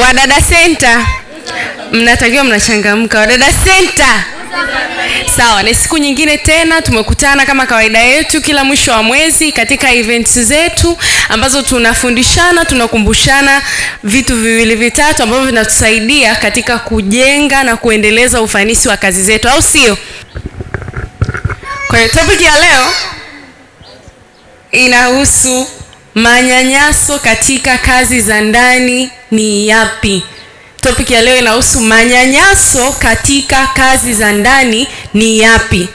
Wadada senta mnatakiwa mnachangamka. Wadada senta sawa, ni siku nyingine tena tumekutana kama kawaida yetu kila mwisho wa mwezi katika events zetu ambazo tunafundishana, tunakumbushana vitu viwili vitatu ambavyo vinatusaidia katika kujenga na kuendeleza ufanisi wa kazi zetu, au sio? Kwa hiyo topic ya leo inahusu Manyanyaso katika kazi za ndani ni yapi? Topic ya leo inahusu manyanyaso katika kazi za ndani ni yapi?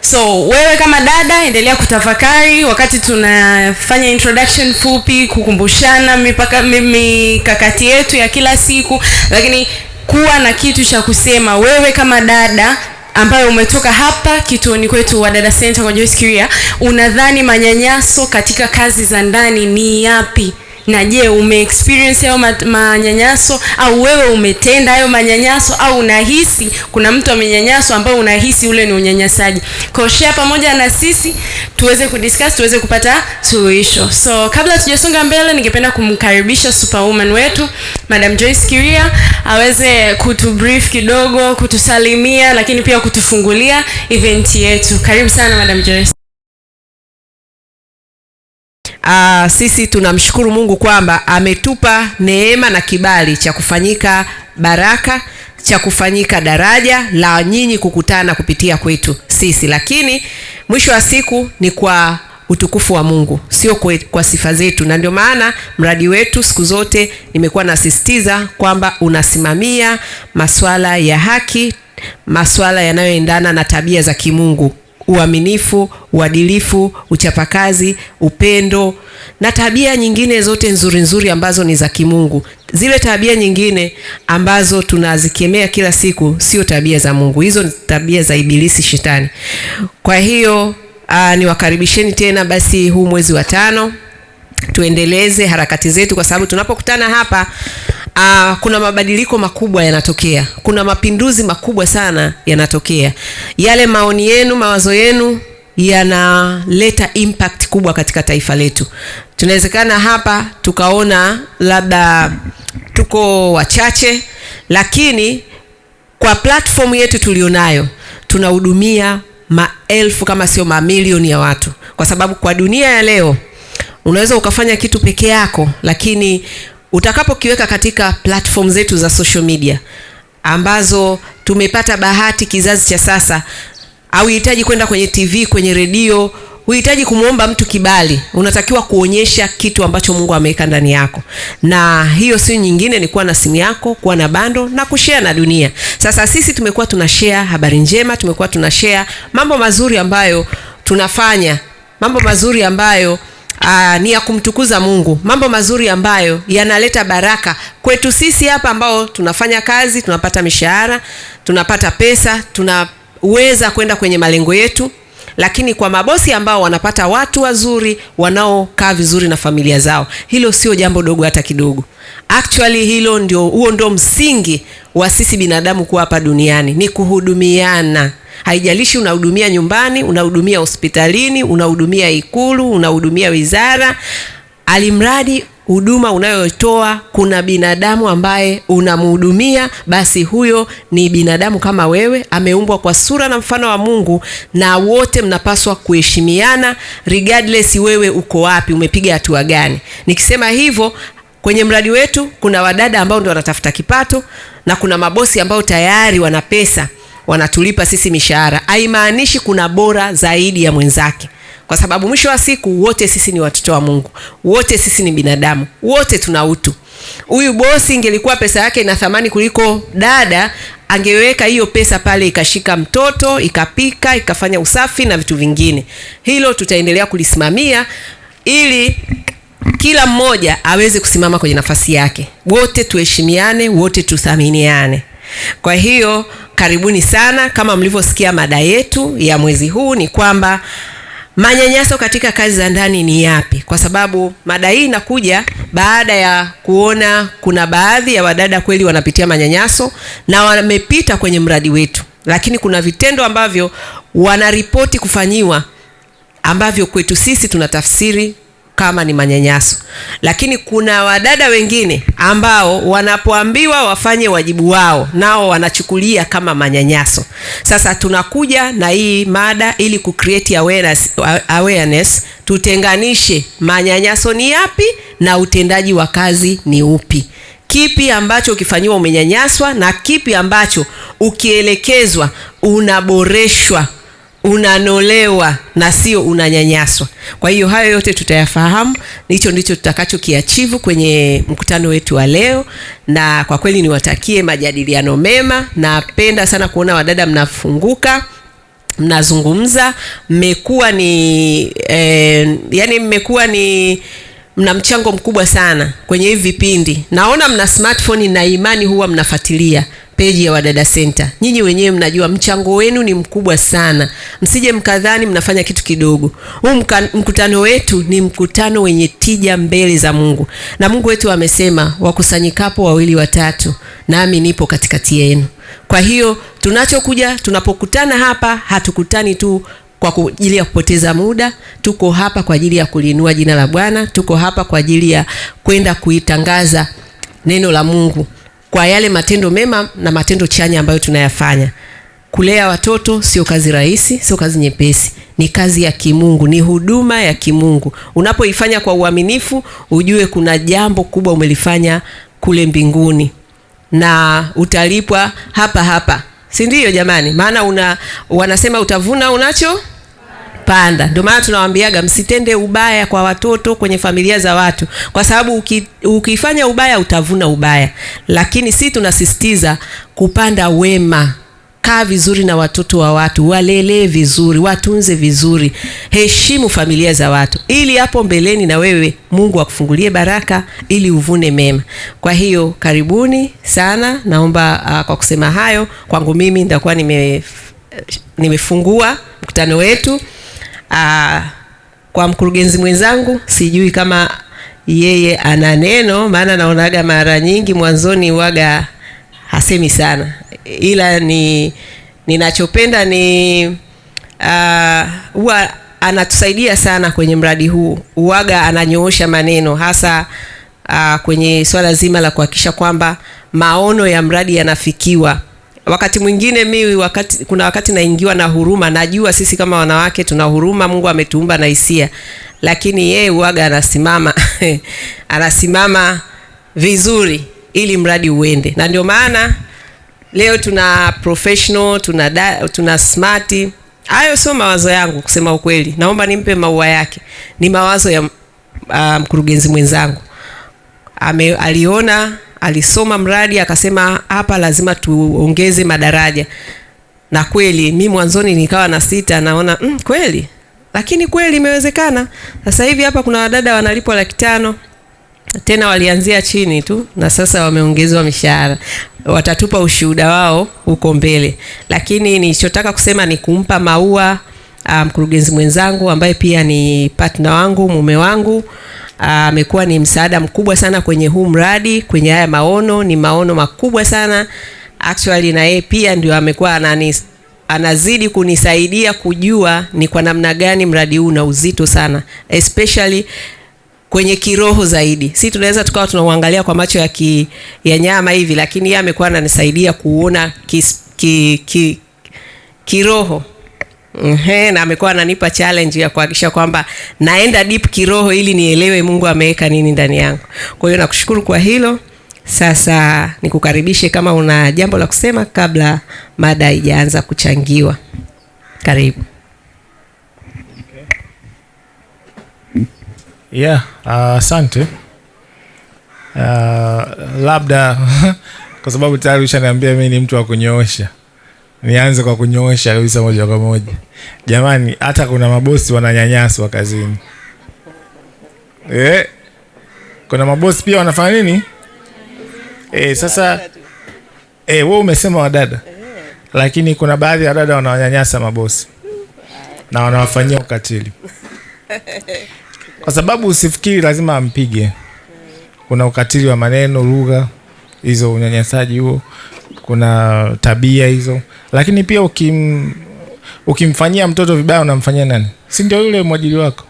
So wewe kama dada, endelea kutafakari wakati tunafanya introduction fupi, kukumbushana mipaka mikakati yetu ya kila siku, lakini kuwa na kitu cha kusema wewe kama dada ambayo umetoka hapa kituoni kwetu Wadada Center kwa Joyce Kiria, unadhani manyanyaso katika kazi za ndani ni yapi? na je, umeexperience hayo manyanyaso au wewe umetenda hayo manyanyaso au unahisi kuna mtu amenyanyaswa ambao unahisi ule ni unyanyasaji? Kwa share pamoja na sisi tuweze kudiscuss, tuweze kupata suluhisho. So kabla tujasonga mbele, ningependa kumkaribisha superwoman wetu Madam Joyce Kiria aweze kutubrief kidogo, kutusalimia, lakini pia kutufungulia event yetu. Karibu sana Madam Joyce. Uh, sisi tunamshukuru Mungu kwamba ametupa neema na kibali cha kufanyika baraka cha kufanyika daraja la nyinyi kukutana kupitia kwetu sisi, lakini mwisho wa siku ni kwa utukufu wa Mungu, sio kwa, kwa sifa zetu. Na ndio maana mradi wetu siku zote nimekuwa nasisitiza kwamba unasimamia masuala ya haki, masuala yanayoendana na tabia za kimungu uaminifu, uadilifu, uchapakazi, upendo na tabia nyingine zote nzuri nzuri ambazo ni za kimungu. Zile tabia nyingine ambazo tunazikemea kila siku sio tabia za Mungu, hizo ni tabia za Ibilisi, Shetani. Kwa hiyo aa, niwakaribisheni tena basi huu mwezi wa tano tuendeleze harakati zetu, kwa sababu tunapokutana hapa uh, kuna mabadiliko makubwa yanatokea, kuna mapinduzi makubwa sana yanatokea. Yale maoni yenu, mawazo yenu yanaleta impact kubwa katika taifa letu. Tunawezekana hapa tukaona labda tuko wachache, lakini kwa platform yetu tulionayo tunahudumia maelfu kama sio mamilioni ya watu, kwa sababu kwa dunia ya leo unaweza ukafanya kitu peke yako, lakini utakapokiweka katika platform zetu za social media ambazo tumepata bahati kizazi cha sasa, hauhitaji kwenda kwenye TV, kwenye redio, huhitaji kumwomba mtu kibali. Unatakiwa kuonyesha kitu ambacho Mungu ameweka ndani yako, na hiyo si nyingine, ni kuwa na simu yako, kuwa na bando na kushare na dunia. Sasa sisi tumekuwa tuna habari njema, tumekuwa tuna mambo mazuri ambayo tunafanya, mambo mazuri ambayo aa, ah, ni ya kumtukuza Mungu, mambo mazuri ambayo yanaleta baraka kwetu sisi hapa ambao tunafanya kazi, tunapata mishahara, tunapata pesa, tunaweza kwenda kwenye malengo yetu, lakini kwa mabosi ambao wanapata watu wazuri wanaokaa vizuri na familia zao, hilo sio jambo dogo hata kidogo. Actually hilo ndio, huo ndio msingi wa sisi binadamu kuwa hapa duniani, ni kuhudumiana. Haijalishi unahudumia nyumbani, unahudumia hospitalini, unahudumia Ikulu, unahudumia wizara, alimradi huduma unayotoa kuna binadamu ambaye unamhudumia, basi huyo ni binadamu kama wewe, ameumbwa kwa sura na mfano wa Mungu, na wote mnapaswa kuheshimiana regardless wewe uko wapi, umepiga hatua gani. Nikisema hivyo, kwenye mradi wetu kuna wadada ambao ndio wanatafuta kipato na kuna mabosi ambao tayari wana pesa wanatulipa sisi mishahara, haimaanishi kuna bora zaidi ya mwenzake, kwa sababu mwisho wa siku wote sisi ni watoto wa Mungu, wote sisi ni binadamu, wote tuna utu. Huyu bosi ingelikuwa pesa yake ina thamani kuliko dada, angeweka hiyo pesa pale ikashika mtoto ikapika ikafanya usafi na vitu vingine. Hilo tutaendelea kulisimamia ili kila mmoja aweze kusimama kwenye nafasi yake, wote tuheshimiane, wote tuthaminiane. Kwa hiyo karibuni sana. Kama mlivyosikia, mada yetu ya mwezi huu ni kwamba manyanyaso katika kazi za ndani ni yapi? Kwa sababu mada hii inakuja baada ya kuona kuna baadhi ya wadada kweli wanapitia manyanyaso na wamepita kwenye mradi wetu, lakini kuna vitendo ambavyo wanaripoti kufanyiwa ambavyo kwetu sisi tunatafsiri kama ni manyanyaso. Lakini kuna wadada wengine ambao wanapoambiwa wafanye wajibu wao nao wanachukulia kama manyanyaso. Sasa tunakuja na hii mada ili ku create awareness, awareness tutenganishe manyanyaso ni yapi na utendaji wa kazi ni upi. Kipi ambacho ukifanyiwa umenyanyaswa na kipi ambacho ukielekezwa unaboreshwa unanolewa na sio unanyanyaswa. Kwa hiyo hayo yote tutayafahamu, hicho ndicho tutakachokiachivu kwenye mkutano wetu wa leo, na kwa kweli niwatakie majadiliano mema. Napenda sana kuona wadada mnafunguka mnazungumza, mmekuwa ni eh, yani mmekuwa ni mna mchango mkubwa sana kwenye hivi vipindi. Naona mna smartphone na imani huwa mnafuatilia peji ya Wadada Center. Nyinyi wenyewe mnajua mchango wenu ni mkubwa sana, msije mkadhani mnafanya kitu kidogo. Huu mkutano wetu ni mkutano wenye tija mbele za Mungu, na Mungu wetu amesema, wakusanyikapo wawili watatu, nami nipo katikati yenu. Kwa hiyo tunachokuja, tunapokutana hapa, hatukutani tu kwa ajili ya kupoteza muda. Tuko hapa kwa ajili ya kuliinua jina la Bwana, tuko hapa kwa ajili ya kwenda kuitangaza neno la Mungu kwa yale matendo mema na matendo chanya ambayo tunayafanya. Kulea watoto sio kazi rahisi, sio kazi nyepesi, ni kazi ya kimungu, ni huduma ya kimungu. Unapoifanya kwa uaminifu, ujue kuna jambo kubwa umelifanya kule mbinguni na utalipwa hapa hapa, si ndio jamani? Maana una wanasema utavuna unacho kupanda. Ndio maana tunawaambiaga msitende ubaya kwa watoto kwenye familia za watu, kwa sababu uki, ukifanya ubaya utavuna ubaya, lakini si tunasisitiza kupanda wema. Kaa vizuri na watoto wa watu, walelee vizuri, watunze vizuri, heshimu familia za watu, ili hapo mbeleni na wewe Mungu akufungulie baraka ili uvune mema. Kwa hiyo karibuni sana, naomba uh, kwa kusema hayo kwangu mimi nitakuwa nime nimefungua mkutano wetu aa, ah, kwa mkurugenzi mwenzangu sijui kama yeye ana neno, maana naonaga mara nyingi mwanzoni waga hasemi sana, ila ni ninachopenda ni ah, huwa uh, anatusaidia sana kwenye mradi huu. Uwaga ananyoosha maneno hasa uh, kwenye swala zima la kuhakikisha kwamba maono ya mradi yanafikiwa. Wakati mwingine mi wakati, kuna wakati naingiwa na huruma. Najua sisi kama wanawake tuna huruma, Mungu ametuumba na hisia, lakini yeye uwaga anasimama anasimama vizuri ili mradi uende, na ndio maana leo tuna professional, tuna, da, tuna smart. Hayo sio mawazo yangu, kusema ukweli, naomba nimpe maua yake. Ni mawazo ya uh, mkurugenzi mwenzangu ame, aliona alisoma mradi akasema, hapa lazima tuongeze madaraja. Na kweli mi mwanzoni nikawa na sita, naona mm, kweli lakini kweli imewezekana. Sasa hivi hapa kuna wadada wanalipwa laki tano tena walianzia chini tu na sasa wameongezewa mishahara. Watatupa ushuhuda wao huko mbele, lakini nilichotaka kusema ni kumpa maua ah, mkurugenzi um, mwenzangu ambaye pia ni partner wangu, mume wangu amekuwa ni msaada mkubwa sana kwenye huu mradi, kwenye haya maono, ni maono makubwa sana actually, na yeye pia ndio amekuwa anani anazidi kunisaidia kujua ni kwa namna gani mradi huu una uzito sana especially kwenye kiroho zaidi. Si tunaweza tukawa tunauangalia kwa macho ya, ki, ya nyama hivi, lakini yeye amekuwa ananisaidia kuona kis, ki, ki, kiroho Ehe, na amekuwa ananipa challenge ya kuhakikisha kwamba naenda deep kiroho ili nielewe Mungu ameweka nini ndani yangu. Kwa hiyo nakushukuru kwa hilo. Sasa nikukaribishe kama una jambo la kusema kabla mada haijaanza kuchangiwa. Karibu. Yeah, asante. Uh, uh, labda kwa sababu tayari ushaniambia mimi ni mtu wa kunyoosha nianze kwa kunyoosha kabisa moja kwa moja. Jamani, hata kuna mabosi wananyanyaswa kazini eh, kuna mabosi pia wanafanya nini eh, sasa eh, wewe umesema wadada, lakini kuna baadhi ya wadada wanawanyanyasa mabosi na wanawafanyia ukatili, kwa sababu usifikiri lazima ampige. Kuna ukatili wa maneno, lugha hizo, unyanyasaji huo kuna tabia hizo, lakini pia ukim ukimfanyia mtoto vibaya unamfanyia nani? Si ndio yule mwajili wako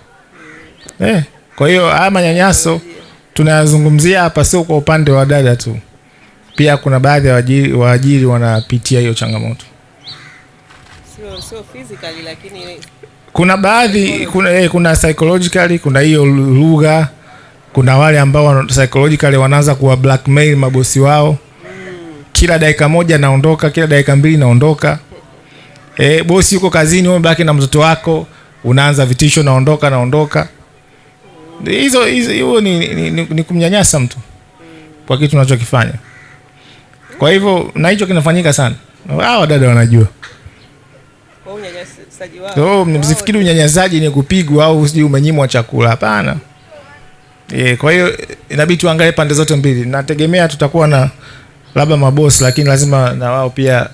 eh? Kwa hiyo haya manyanyaso tunayazungumzia hapa sio kwa upande wa dada tu, pia kuna baadhi ya waajiri, waajiri wanapitia hiyo changamoto so, so physically, lakini kuna baadhi kuna, eh, kuna psychologically, kuna hiyo lugha, kuna wale ambao psychologically wanaanza kuwa blackmail mabosi wao kila dakika moja naondoka, kila dakika mbili naondoka. E, bosi yuko kazini, wewe baki na mtoto wako, unaanza vitisho, naondoka, naondoka. Hizo hizo hiyo ni, ni, ni, ni kumnyanyasa mtu kwa kitu unachokifanya. Kwa hivyo na hicho kinafanyika sana. Hao dada wanajua So, Oh, unyanyasaji ni kupigwa au sijui umenyimwa chakula. Hapana. E, kwa hiyo inabidi tuangalie pande zote mbili. Nategemea tutakuwa na labda mabosi, lakini lazima na wao pia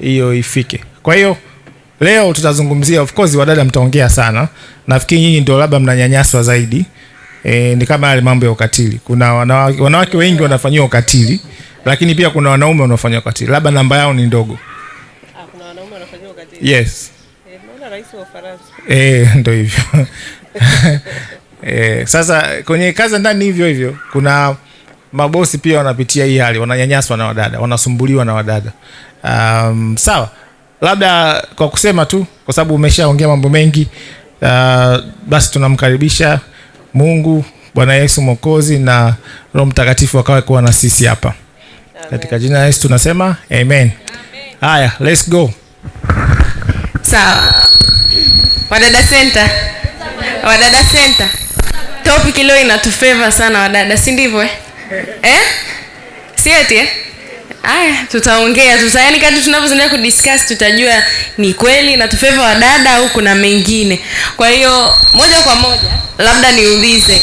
hiyo ifike. Kwa hiyo leo tutazungumzia, of course wadada mtaongea sana, nafikiri nyinyi ndio labda mnanyanyaswa zaidi e, ni kama yale mambo ya ukatili. Kuna wanawake, wanawake wengi wanafanyiwa ukatili, lakini pia kuna wanaume wanaofanyiwa ukatili, labda namba yao ni ndogo. Ah, kuna wanaume wanafanyiwa ukatili. Yes. Eh, naona rais wa Eh, ndio hivyo. Eh, sasa kwenye kazi ndani hivyo hivyo kuna mabosi pia wanapitia hii hali, wananyanyaswa na wadada, wanasumbuliwa na wadada. Um, sawa, labda kwa kusema tu, kwa sababu umeshaongea mambo mengi uh, basi tunamkaribisha Mungu Bwana Yesu Mwokozi na Roho Mtakatifu akawe kuwa na sisi hapa katika jina la Yesu tunasema amen, Haya, let's go. Sawa, wadada center, wadada center, topic leo inatufeva sana wadada, si ndivyo eh? eh? Sieti eh? Aya, tutaongea tuta, yani kadri tunavyoendelea kudiscuss tutajua ni kweli na tufeva wa dada au kuna mengine. Kwa hiyo moja kwa moja, labda niulize,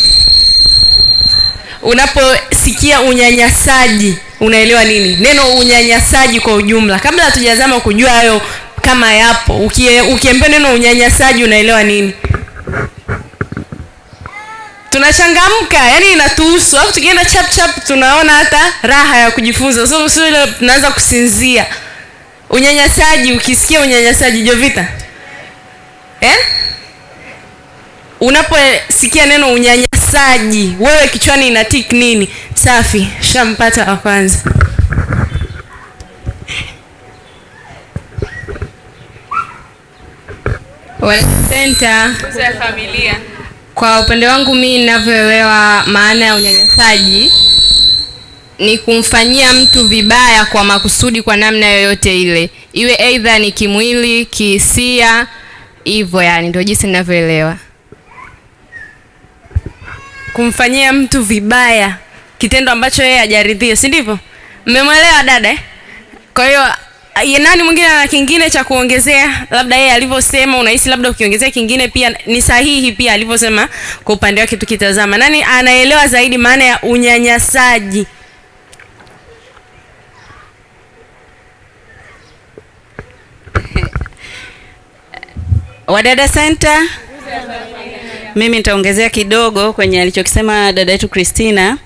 unaposikia unyanyasaji unaelewa nini neno unyanyasaji kwa ujumla? Kabla hatujazama kujua hayo kama yapo, ukiambiwa neno unyanyasaji unaelewa nini? tunachangamka yani inatuhusu au tukienda chap chap tunaona hata raha ya kujifunza kwa so, ile tunaanza kusinzia unyanyasaji ukisikia unyanyasaji jovita eh? unaposikia neno unyanyasaji wewe kichwani inatik nini safi shampata wa kwanza wasenta familia kwa upande wangu mimi ninavyoelewa maana ya unyanyasaji ni kumfanyia mtu vibaya kwa makusudi, kwa namna yoyote ile, iwe aidha ni kimwili, kihisia, hivyo yani, ndio jinsi ninavyoelewa kumfanyia mtu vibaya, kitendo ambacho yeye hajaridhia, si ndivyo? Mmemwelewa dada eh? Kwa hiyo nani mwingine ana kingine cha kuongezea, labda yeye alivyosema, unahisi labda ukiongezea kingine pia ni sahihi, pia alivyosema kwa upande wake. Tukitazama nani anaelewa zaidi maana ya unyanyasaji? Wadada Center, mimi nitaongezea kidogo kwenye alichokisema dada yetu Christina,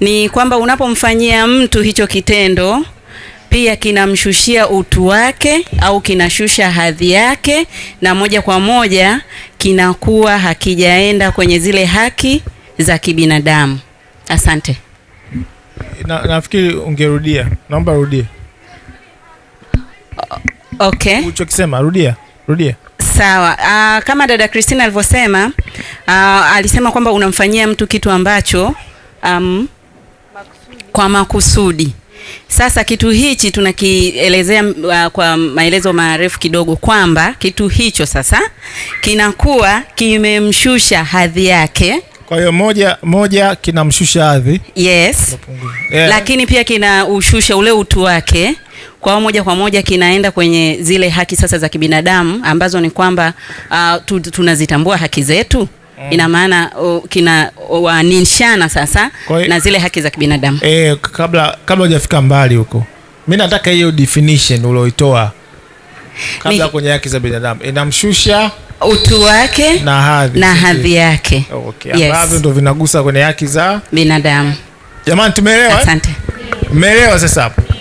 ni kwamba unapomfanyia mtu hicho kitendo pia kinamshushia utu wake au kinashusha hadhi yake, na moja kwa moja kinakuwa hakijaenda kwenye zile haki za kibinadamu. Asante. Na, nafikiri ungerudia, naomba rudia. Okay, uchokisema rudia, rudia. Sawa. Uh, kama dada Christina alivyosema, uh, alisema kwamba unamfanyia mtu kitu ambacho um, makusudi. Kwa makusudi sasa kitu hichi tunakielezea uh, kwa maelezo marefu kidogo kwamba kitu hicho sasa kinakuwa kimemshusha hadhi yake. Kwa hiyo moja moja kinamshusha hadhi. Yes. Yeah. Lakini pia kinaushusha ule utu wake kwa moja kwa moja kinaenda kwenye zile haki sasa za kibinadamu ambazo ni kwamba uh, tunazitambua haki zetu mm. ina maana waninshana sasa Koi, na zile haki za kibinadamu eh, kabla kabla hujafika mbali huko, mi nataka hiyo definition ulioitoa kabla kwenye haki za binadamu inamshusha utu wake na hadhi na hadhi yake okay, yes. ambavyo ndo vinagusa kwenye haki za binadamu. Jamani, tumeelewa? Eh? Asante, mmeelewa sasa hapo.